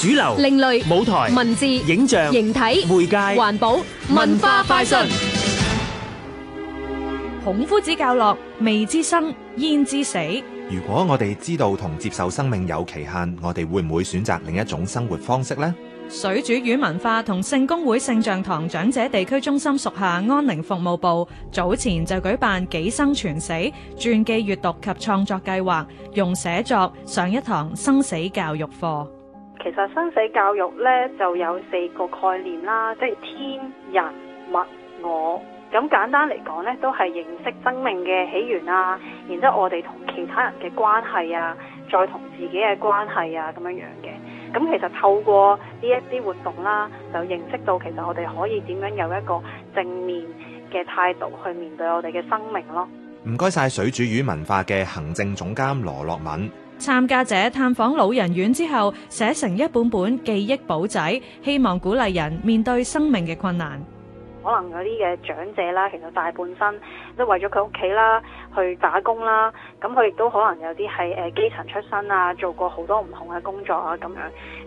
主流、另類舞台、文字、影像、形體、媒介、環保、文化、快訊。孔夫子教落，未知生，焉知死？如果我哋知道同接受生命有期限，我哋會唔會選擇另一種生活方式呢？水煮魚文化同聖公會聖象堂長者地區中心屬下安寧服務部早前就舉辦《幾生全死》傳記閱讀及創作計劃，用寫作上一堂生死教育課。其實生死教育咧就有四個概念啦，即係天、人、物、我。咁簡單嚟講咧，都係認識生命嘅起源啊，然之後我哋同其他人嘅關係啊，再同自己嘅關係啊咁樣樣嘅。咁其實透過呢一啲活動啦，就認識到其實我哋可以點樣有一個正面嘅態度去面對我哋嘅生命咯。唔該晒，水煮魚文化嘅行政總監羅樂敏。參加者探訪老人院之後，寫成一本本記憶簿仔，希望鼓勵人面對生命嘅困難。可能有啲嘅長者啦，其實大半生都為咗佢屋企啦去打工啦，咁佢亦都可能有啲係誒基層出身啊，做過好多唔同嘅工作啊，咁樣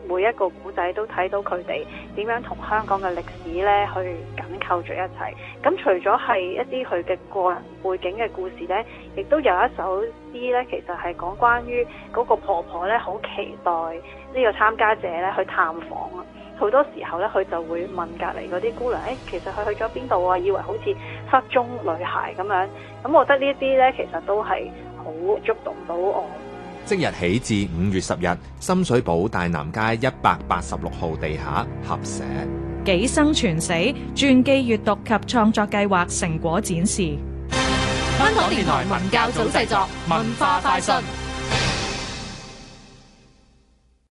每一個古仔都睇到佢哋點樣同香港嘅歷史咧去緊扣住一齊。咁除咗係一啲佢嘅個人背景嘅故事咧，亦都有一首。啲咧其實係講關於嗰個婆婆咧，好期待呢個參加者咧去探訪啊！好多時候咧，佢就會問隔離嗰啲姑娘，誒、欸，其實佢去咗邊度啊？以為好似失蹤女孩咁樣。咁我覺得呢啲咧，其實都係好觸動到我。即日起至五月十日，深水埗大南街一百八十六號地下合寫，幾生存死傳記閱讀及創作計劃成果展示。香港電台文教組製作《文化快訊》。